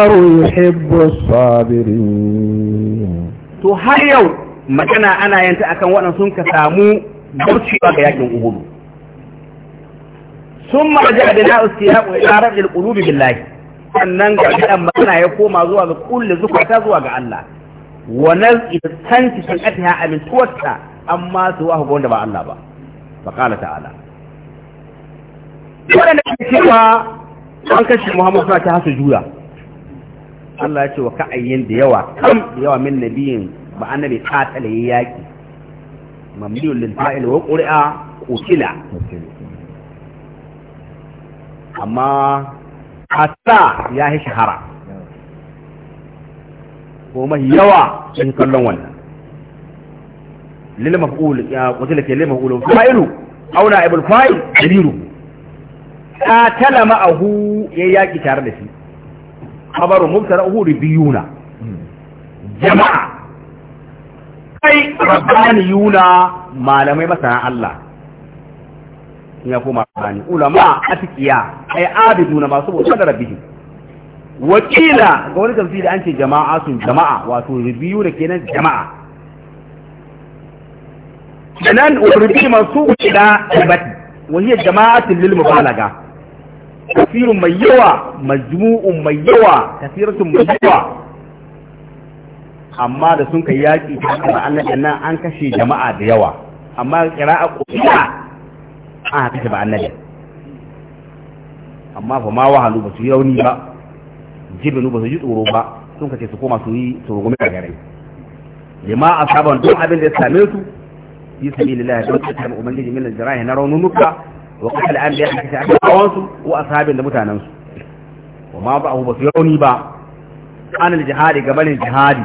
Speaker 2: يحب الصابرين
Speaker 1: to har yau magana ana yanta akan waɗansu ka samu barci ga yakin uhudu sun marja da na ustiya ko ya rabi bi billahi sannan ga ɗan magana ya koma zuwa ga kullu zukata zuwa ga Allah wa naz'i tanti sanatiha amin an amma wa hukun da ba Allah ba Ba ƙala ta'ala
Speaker 3: wannan cewa
Speaker 1: an kashe Muhammad suna ta hasu jura Allah ya ce wa ka'ayyin da yawa kam da yawa min nabiyin ba annabi qatala yaƙi. mamliyul lil fa'il wa ƙuri'a qutila amma hatta ya yi shahara ko yawa cikin kallon wannan lil maf'ul ya qutila ke lil maf'ul fa'ilu aula ibul fa'il dalilu tala ma'ahu ya yaki tare da shi khabaru mubtara'uhu ribiyuna jama'a kai yuna malamai masana Allah ya koma bani ulama yi ay abiduna masu bauta da rabbihi wakila ga wani da an ce jama'a sun jama'a wato rubiyu da kenan jama'a sanan urbi Wani ila jama'a wa hiya ba lil mubalaga kafirun mai yawa majmu'un mai yawa kafiratun mai yawa amma da sun kai yaki ta Allah nan an kashe jama'a da yawa amma qira'a qira an haka ta ba annabi amma fa ma wahalu ba su yi rauni ba jibinu ba su ji tsoro ba sun kace su koma su yi tsoro a gare lima asaban duk abin da ya same su sami lillahi don ta tabi ubangiji min al-jarahi na raununuka wa qatala an bi'a kace abawan su ko asabin da mutanen su wa ma ba'u ba su rauni ba an al-jihadi gabanin jihadi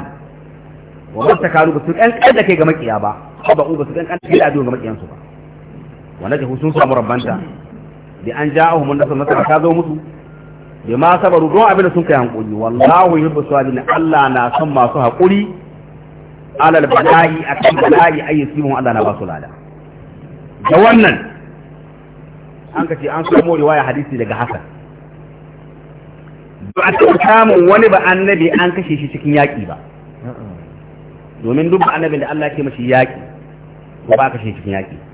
Speaker 1: wa ta kanu ba su kan kan da kai ga makiya ba ba ba su kan kan da ga makiyan su ba wanda ke sun samu rabbanta da an ja mun nasu nasara ta zo musu da ma sabaru don abin da sun kai hankuli wallahu yuhibbu sabirin Allah na son masu haƙuri alal bala'i akan bala'i ayyusihum Allah na ba su lada da wannan an kace an samu riwaya hadisi daga Hassan ba a taɓa samun wani ba annabi an kashe shi cikin yaƙi ba domin duk annabin da Allah ke mashi yaƙi ba a kashe cikin yaƙi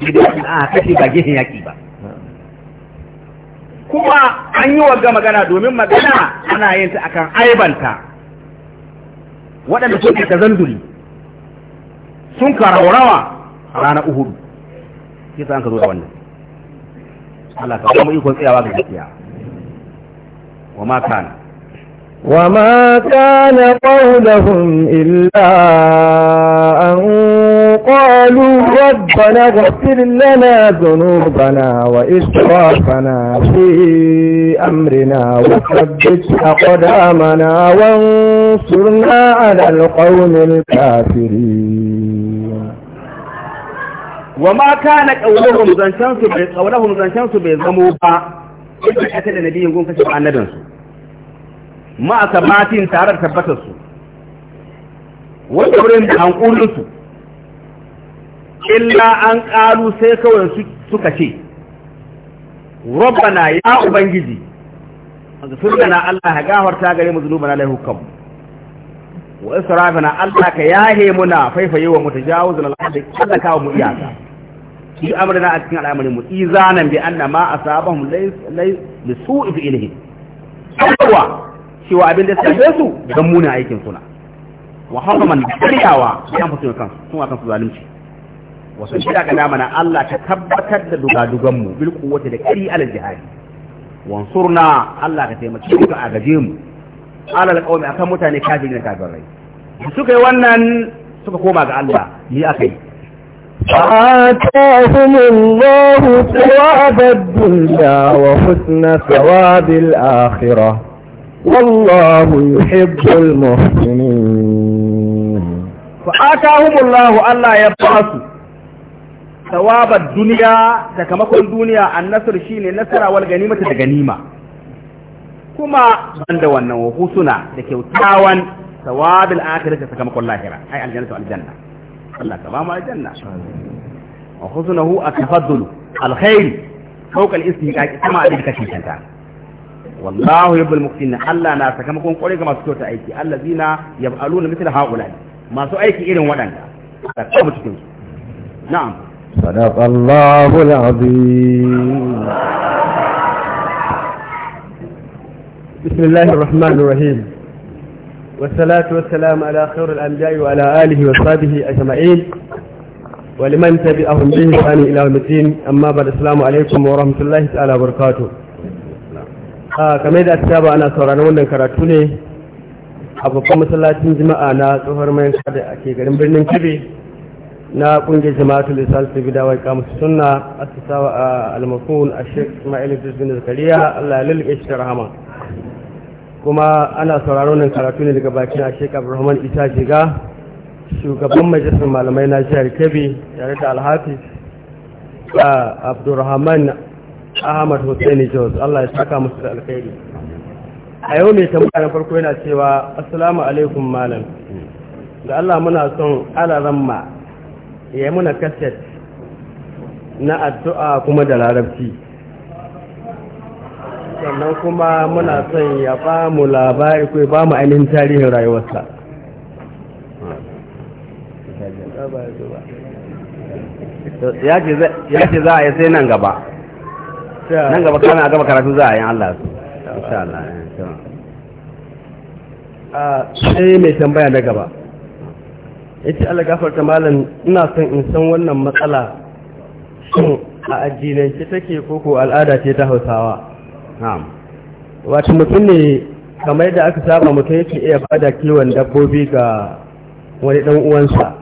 Speaker 1: a kashe ba gefen yaki ba kuma an yi wagga magana domin magana ana yin ta akan aibanta waɗanda suke ta zanduri sun karaurawa a ranar uhudu shi sa an ka zo da wannan Allah ka kuma ikon tsayawa ga gaskiya wa ma kana
Speaker 2: ma kana قولهم illa an قالوا ربنا اغفر لنا ذنوبنا وإسرافنا في أمرنا وثبت أقدامنا وانصرنا على القوم الكافرين
Speaker 1: وما كان قولهم زنشانسو قولهم زنشانسو بيزموها إذا أتى النبي يقول كشف عن نبنسو ما أثباتين تعرف ثبتسو وإبراهيم عن قولسو illa an ƙalu sai kawai suka ce rabbana ya ubangiji sunana Allah ya gafarta gare mu zunubana lahu kam wa israfana Allah ka yahe muna faifaye wa mutajawizan al-hadi kada ka mu iyaka shi amrina a cikin al'amarin mu izanan bi anna ma asabahum lay bi su'i fi ilhi shi wa abin da sai su dan muna aikin suna wa hafaman kariyawa an fasu kansu sun akan su zalunci wasu shida ga damana Allah ta tabbatar da dugaduganmu bil kuwwati da kari alal jihari, wansurna Allah ka taimake mu a gaje mu alal qawmi akan mutane kafiri na kafirai suka yi wannan suka koma ga Allah ni akai
Speaker 2: آتاهم الله ثواب الدنيا وحسن ثواب الآخرة والله يحب المحسنين
Speaker 1: فآتاهم الله ألا يبعثوا tawabar duniya sakamakon duniya an nasar shi ne nasara wal ganimata da ganima kuma ban da wannan wa husuna da kyautawan tawabil akhirati sakamakon lahira ai aljannatu aljanna Allah ka ba mu aljanna wa husunahu at-tafaddul alkhair fawqa al-istiqaq kama abin kashi kanta wallahu yuhibbul muqtin Allah na sakamakon kore ga masu kyauta aiki allazina yaf'aluna mithla haula masu aiki irin waɗanda ka cikin na'am
Speaker 2: صدق الله
Speaker 4: العظيم بسم الله الرحمن الرحيم والصلاة والسلام على خير الأنبياء وعلى آله وصحبه أجمعين ولمن تبعهم بإحسان إلى المتين أما بعد السلام عليكم ورحمة الله تعالى وبركاته kamar da ta ana sauraron wannan karatu ne a babban masallacin jima'a na tsohon mayan kada a ke garin birnin kibe na kungiyar jama'atul isal su bi dawai kamar sunna asasawa a almakun a sheikh ismail idris bin zakariya allah ya lulluɓe shi da rahama kuma ana sauraron nan karatu ne daga bakin a sheikh abdulrahman isa jiga shugaban majalisar malamai na jihar kebbi tare da alhafiz a abdurrahman ahmad hussaini jos allah ya saka musu da alkhairi a yau mai tambaya na farko yana cewa assalamu alaikum malam da allah muna son alaramma ya muna kaset na addu'a kuma da larabci sannan kuma muna son ya ba mu labari kai ba mu ainihin tarihin rayuwarsa ya ce za a yi sai nan gaba nan gaba kana gaba
Speaker 1: karatu za a yi Allah su insha Allah
Speaker 4: ah, sai mai tambaya na gaba ya ce Allah gafarta malam ina son in san wannan matsala shin a addinance take koko al'ada ce ta hausawa wato mutum ne kamar da aka saba mutum yake iya bada kiwon dabbobi ga wani dan uwansa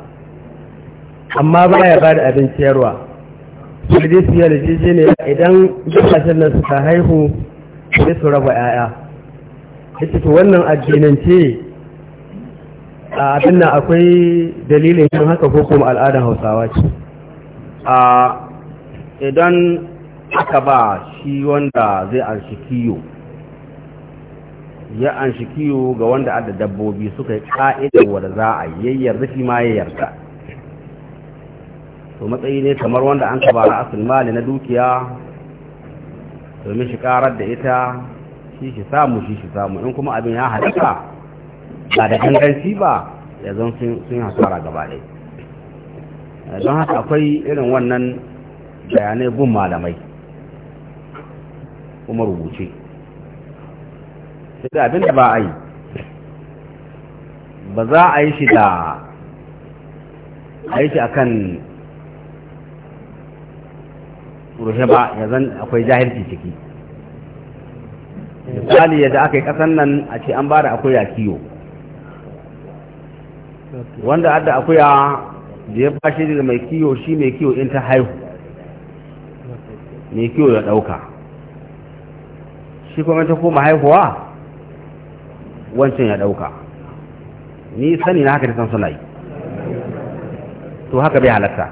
Speaker 4: amma baya bada abin ciyarwa sai dai su ne idan kasashen nan suka haihu sai su raba 'ya'ya ita to wannan addinance a abin nan akwai dalilin yin haka ko al'adar hausawa ce
Speaker 1: a idan aka ba shi wanda zai an shikiyo ya an shikiyo ga wanda adda dabbobi suka yi ka'idar wadda za a yayyar rufi ma ya yarda to matsayi ne kamar wanda an ka ba ra'asul na dukiya domin shi karar da ita shi shi samu shi shi samu in kuma abin ya halitta ba da ganganci ba ya zan sun hasara gaba ɗai don haka akwai irin wannan bayanai gun malamai kuma rubuce sai abin da ba a yi ba za a yi shi da a yi shi kan rushe ba ya zan akwai jahilci ciki misali yadda aka yi kasan nan a ce an ba da akwai ya kiyo wanda adda akuya da ya bashi da mai kiyo shi mai kiyo in ta haihu mai kiyo ya dauka shi kuma ta koma haihuwa wancan ya dauka ni sani na haka da san sunayi to haka bai halatta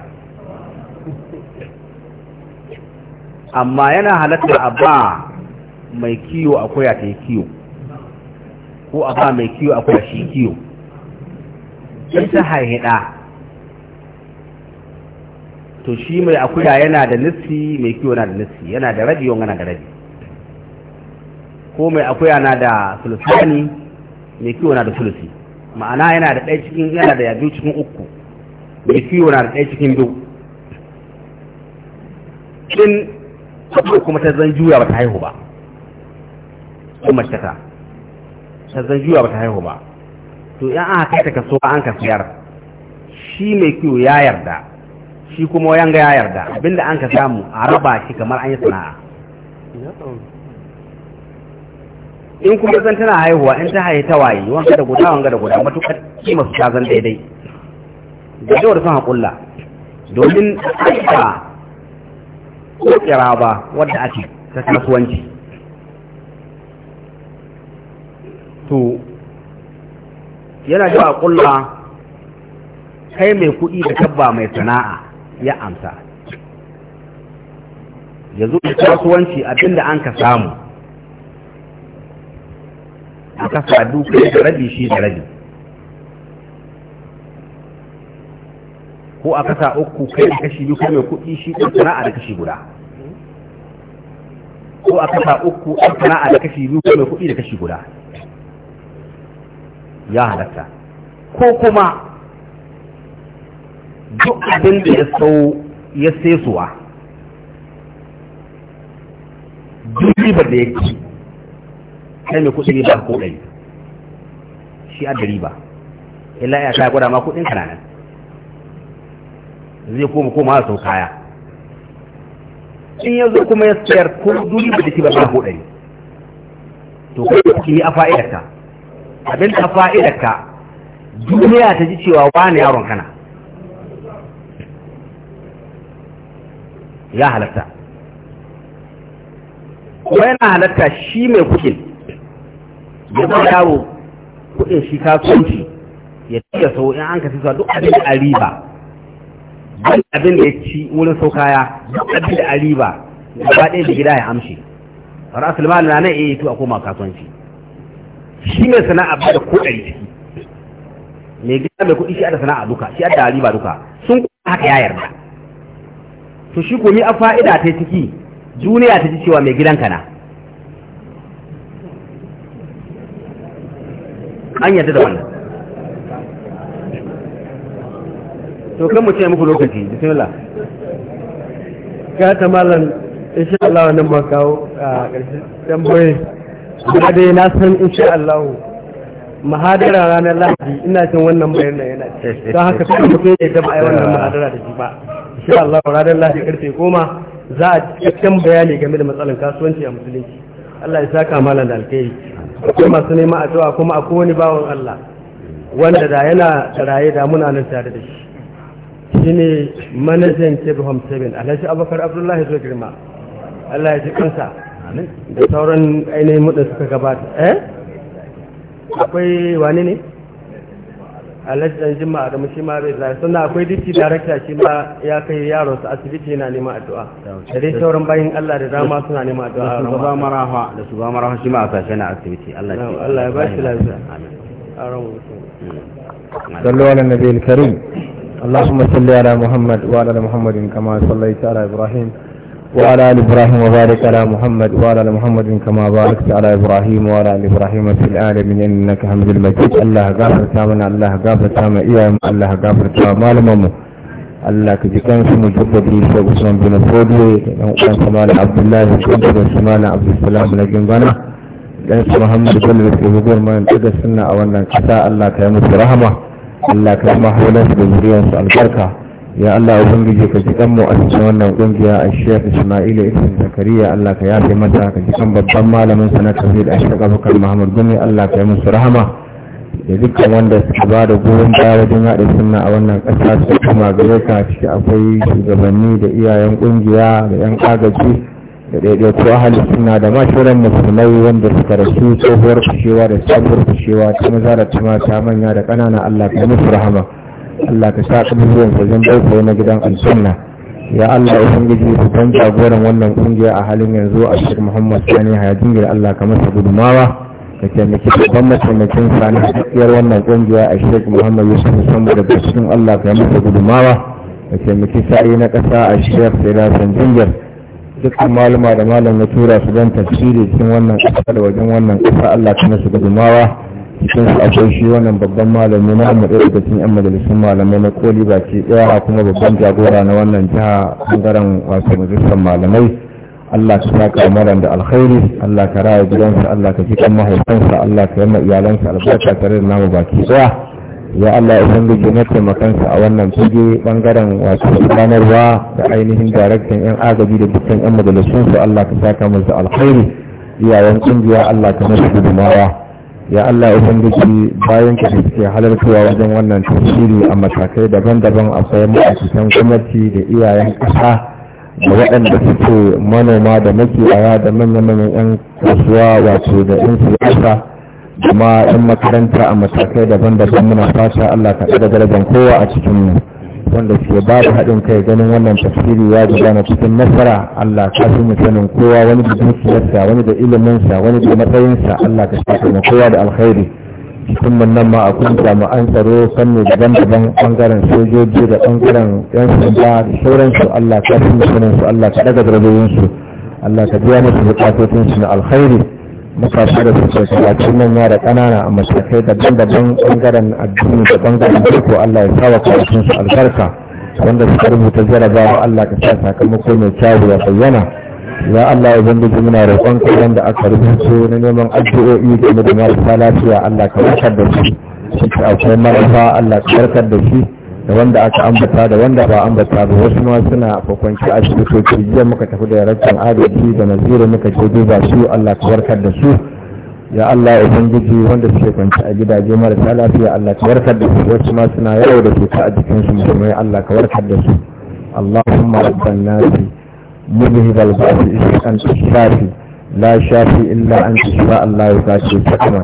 Speaker 1: amma yana halatta a ba mai kiyo akuya ta yi kiyo ko a ba mai kiyo akuya shi kiyo in ta haihida to shi mai akuya yana da nissi mai kiwo na da nissi yana da rabi yana na da rabi ko mai akuya na da sulusani mai kiwo na da sulusi ma'ana yana da ɗaya cikin yana da yabi cikin uku mai kiwo na da ɗaya cikin biyu in akwai kuma ta zan juya ba ta haihu ba kuma ta ta zan juya ba ta haihu ba to in aka kai ta kaso an ka siyar shi mai kiwo ya yarda shi kuma wayan ga ya yarda abinda an ka samu a raba shi kamar an yi sana'a in kuma zan tana haihuwa in ta ta tawaye wanka da guda wanga da guda matukar kima su ta zan daidai da yawar sun haƙulla domin aika ko kira ba wadda ake ta kasuwanci to yana da kulla kai mai kuɗi da tabba mai sana'a ya amsa ya zo kasuwanci abinda an ka samu aka sadu kai da rabi shi da rabi ko a kasa uku kai da kashi biyu kai mai kuɗi shi ɗan sana'a da kashi guda ko a kasa uku ɗan sana'a da kashi biyu kai mai kuɗi da kashi guda ya halatta ko kuma duk abin da ya sau ya sesuwa duk riba da ya ci kai mai kuɗi ba ko ɗari shi a da riba illa ya kaya gwada ma kuɗin kananan zai koma koma a sau kaya in ya zo kuma ya sayar ko duk riba da ci ba ko ɗari to kai yi a fa'idarta abin da fa'idarka duniya ta ji cewa wani yaron kana ya halatta kuma yana halatta shi mai kuɗin ya ba yawo kuɗin shi kasuwanci ya tiya sau in an sisa duk abin da a riba duk abin da ya ci wurin sau kaya duk abin da a riba ba ɗaya da gida ya amshi rasul mal na na yi eh, tu a koma kasuwanci shi mai sana'a ba da ko ɗari ciki mai gida mai kuɗi shi ada sana'a duka shi ada riba duka sun kuma haka ya yarda to shi ko ni a fa'ida ta ciki duniya ta ji cewa mai gidanka na
Speaker 4: an yarda da wannan to kan mu ce muku lokaci bismillah ka ta malam insha Allah wannan ma kawo
Speaker 5: a ƙarshen tambayoyi
Speaker 4: kuma dai na san insha Allah mahadara ranar lahadi ina cin wannan bayan nan yana don haka kuma mutum ya taba ai wannan mahadara da shi ba insha Allah ranar lahadi karfe goma za a cikakken bayani game da matsalar kasuwanci a musulunci Allah ya saka malam da alkhairi akwai masu neman addu'a kuma akwai wani bawan Allah wanda da yana raye da muna nan tare da shi shine manajan Kebhom 7 Alhaji Abubakar Abdullahi Zogirma Allah ya ji kansa da sauran ainihin mutu suka gabata eh akwai wani ne alhaji dan jima da shi ma bai zai sannan akwai dikki darakta shi ma ya kai yaron su asibiti yana neman addu'a da dai sauran bayan Allah da dama suna neman addu'a da su ba
Speaker 1: da su ba marafa shi ma a sashe na asibiti Allah ya
Speaker 4: ba shi lafiya
Speaker 5: amin صلوا على النبي
Speaker 2: وعلى آل إبراهيم وبارك على محمد وعلى آل محمد كما باركت على إبراهيم وعلى آل إبراهيم في العالمين إنك حميد مجيد الله غافر تامنا الله غافر تام إيام الله غافر تام مالمم الله كجكان في مجدد شيخ عثمان بن فودي وكان سمال عبد الله وكان سمال عبد السلام لكن بنا dan su Muhammad Bello ke gugur mai da sunna a wannan kasa Allah ka yi musu rahama Allah ka yi mahalansu da zuriyarsu albarka ya Allah ubangiji ka ji kanmu a cikin wannan kungiya a shiyar isma'ila ibn Zakariya Allah ka yafe mata ka ji kan babban malamin sana tafsir a shirka Abubakar Muhammad Gumi Allah ka yi musu rahama da dukkan wanda suka ba da goyon baya wajen haɗa sunna a wannan ƙasa su kuma gare ka ciki akwai shugabanni da iyayen kungiya da 'yan agaji da ɗaiɗaiku ahalin suna da mashirin musulmai wanda suka rasu tsohuwar fushewa da sabuwar fushewa ta maza da ta mata manya da ƙanana Allah ka musu rahama Allah ka sa kabubuwan wajen baiko na gidan aljanna ya Allah ubangiji su san jagoran wannan kungiya a halin yanzu a cikin Muhammad Sani Hayajin da Allah ka masa gudumawa ka taimaki babban mataimakin sani a haƙƙiyar wannan kungiya a Sheikh Muhammad Yusuf Sambo da bashin Allah ka masa gudumawa ka taimaki sa'i na kasa a Sheikh Sayyid Sanjingir dukkan malama da malam na tura su don tafsiri cikin wannan ƙasa da wajen wannan ƙasa Allah ka masa gudumawa cikin su akwai shi wannan babban malami na mu ɗaya daga cikin 'yan majalisun malamai na koli baki ɗaya kuma babban jagora na wannan jiha ɓangaren wasu majalisar malamai Allah ka saka maran da alkhairi Allah ka raya gidansa Allah ka jikan mahaifansa Allah ka yamma iyalansa albarka tare da namu baki ɗaya ya Allah ya sanga na taimakansa a wannan fage ɓangaren wasu gudanarwa da ainihin daraktan 'yan agaji da dukkan 'yan majalisunsu Allah ka saka masa alkhairi iyayen ƙungiya Allah ka masu ba. ya Allah ubangiji bayan ka da suke halartuwa wajen wannan tafsiri a matakai daban-daban akwai ma'aikatan gwamnati da iyayen kasa da waɗanda suke manoma da makiyaya da manya-manyan 'yan kasuwa wato da 'yan siyasa da ma 'yan makaranta a matakai daban-daban muna fata Allah ka ɗaga darajar kowa a cikin mu. wanda ke ba da haɗin kai ganin wannan tafsiri ya na cikin nasara Allah ka fi sanin kowa wani da dukiyarsa wani da iliminsa wani da matsayinsa Allah ka shafi na kowa da alkhairi cikin nan ma akwai jami'an tsaro fanni daban-daban bangaren sojoji da bangaren yan sanda da sauransu Allah ka fi su Allah ka daga darajoyinsu Allah ka biya musu bukatotinsu na alkhairi matasa da suke karatun manya da ƙanana a matakai daban-daban ɓangaren addini da bangaren ko Allah ya sawa karatun su albarka wanda suka rubuta jarabawa Allah ka sa sakamako mai kyawu ya bayyana ya Allah ya zan biji muna roƙon ka wanda aka rubuto na neman addu'o'i game da marasa lafiya Allah ka warkar da shi shi akwai marasa Allah ka warkar da shi da wanda aka ambata da wanda ba ambata ba wasu ma suna kwakwanci a asibitoci jiya muka tafi da rancen adalci da nazirin muka je duba su Allah ka warkar da su ya Allah ya ubangiji wanda suke kwanci a gidaje marasa lafiya Allah ka warkar da su wasu ma suna yawo da cuta a jikin su musulmai Allah ka warkar da su Allahumma rabban nasi mudhib al-ba'th ishqan shafi la shafi illa anta shifa Allah ya kashi sakama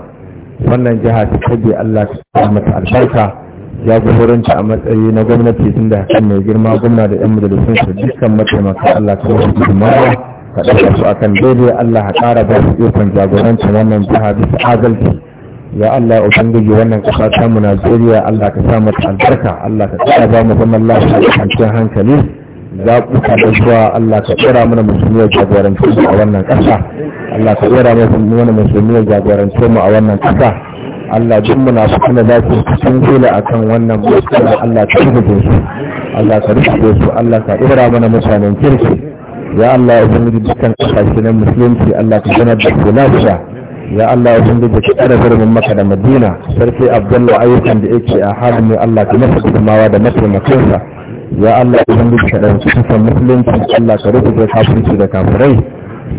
Speaker 2: wannan jiha ta kaje Allah ta mata albarka jagoranci a matsayi na gwamnati tun da hakan mai girma gwamna da 'yan majalisun su dukkan mataimakan Allah ta wasu gudunmawa ka ɗauka su akan daidai Allah a ƙara ba su ikon jagoranci wannan jiha bisa adalci ya Allah ya ubangiji wannan ƙasa ta mu Najeriya Allah ka sa mata albarka Allah ka ƙara ba mu zaman lafiya da cikin hankali za ku ka da zuwa Allah ka tsira mana musulmiyar jagoranci a wannan ƙasa Allah ka tsira mana musulmiyar jagoranci mu a wannan ƙasa Allah duk muna su kuma za su sun kula a kan wannan matsala Allah ka rufe su Allah ka rufe su Allah ka ibra mana mutanen kirki ya Allah ya zama dukkan kasashe na musulunci Allah ka sanar da su lafiya ya Allah ya zama da ki ƙara maka da Madina sarki Abdullahi ayyukan da yake a halin ne Allah ka masa gudumawa da mataimakinsa ya Allah ya zama da ki musulunci Allah ka rufe kafirci da kafirai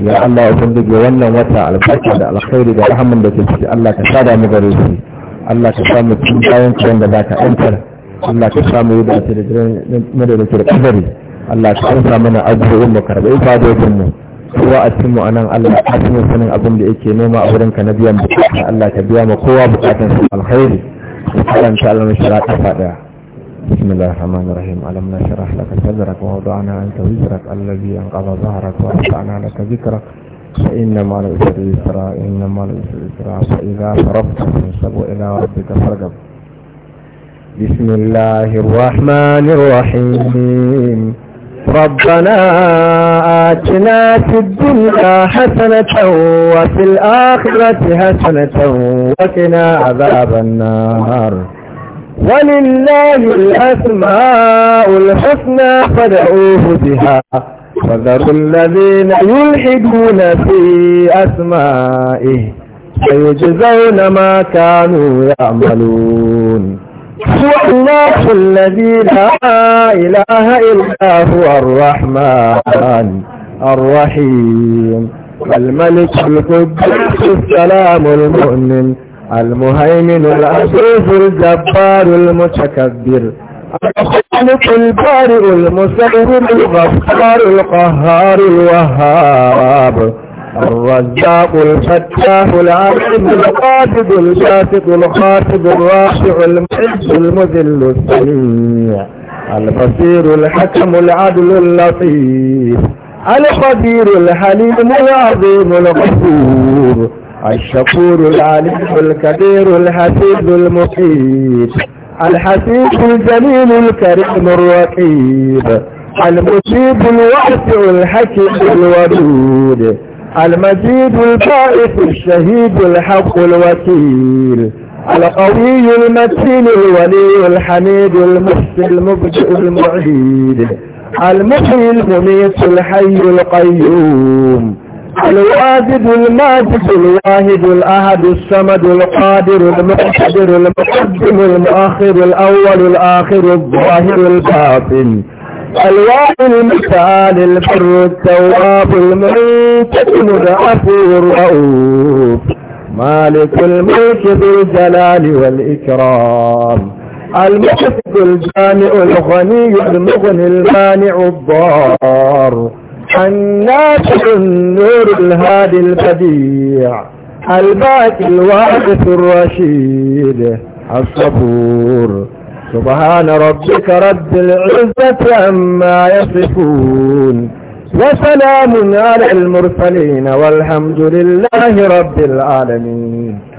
Speaker 2: ya Allah ya kundige wannan wata albarka da alkhairi da rahman da ke ciki Allah ka sada mu gare shi Allah ka sa mu cikin bayan ciwon da zaka antar Allah ka sa mu da ta da madadin da Allah ka ansa mana azurin mu karbe ibadodin mu kowa a cikin mu anan Allah ka san sanin abin da yake nema a wurin ka na biyan bukata Allah ka biya mu kowa bukatun alkhairi insha Allah mu shira kafa daya بسم الله الرحمن الرحيم ألم نشرح لك صدرك ووضعنا أنت وزرك الذي أنقض ظهرك ورفعنا لك ذكرك فإن مع العسر يسرا إن مع العسر يسرا فإذا فرغت فانصب إلى ربك فارغب بسم الله الرحمن الرحيم ربنا آتنا في الدنيا حسنة وفي الآخرة حسنة وقنا عذاب النار ولله الأسماء الحسنى فادعوه بها وذروا الذين يلحدون في أسمائه فيجزون ما كانوا يعملون هو الله الذي لا إله إلا هو الرحمن الرحيم الملك القدس السلام المؤمن المهيمن العزيز الجبار المتكبر الخالق البارئ المسلم الغفار القهار الوهاب الرزاق الفتاح العظيم القابض الشافق الخافض الرافع المحب المذل السميع البصير الحكم العدل اللطيف الخبير الحليم العظيم الغفور الشكور العليم الكبير الحفيظ المحيط الحفيظ الجليل الكريم الرقيب المجيب الواسع الحكيم الودود المجيد البائس الشهيد الحق الوكيل القوي المتين الولي الحميد المحسن المبدئ المعيد المحيي المميت الحي القيوم الواجد الماجد الواحد الاهد الصمد القادر المقدر المقدم المؤخر الأول الآخر الظاهر الباطن الواحد المثال البر التواب المنتقم العفو الرؤوف مالك الملك ذو الجلال والإكرام المحب الجامع الغني المغني المانع الضار حنات النور الهادي البديع الباقي الواحد الرشيد الصبور سبحان ربك رب العزة عما يصفون وسلام
Speaker 3: على المرسلين والحمد لله رب العالمين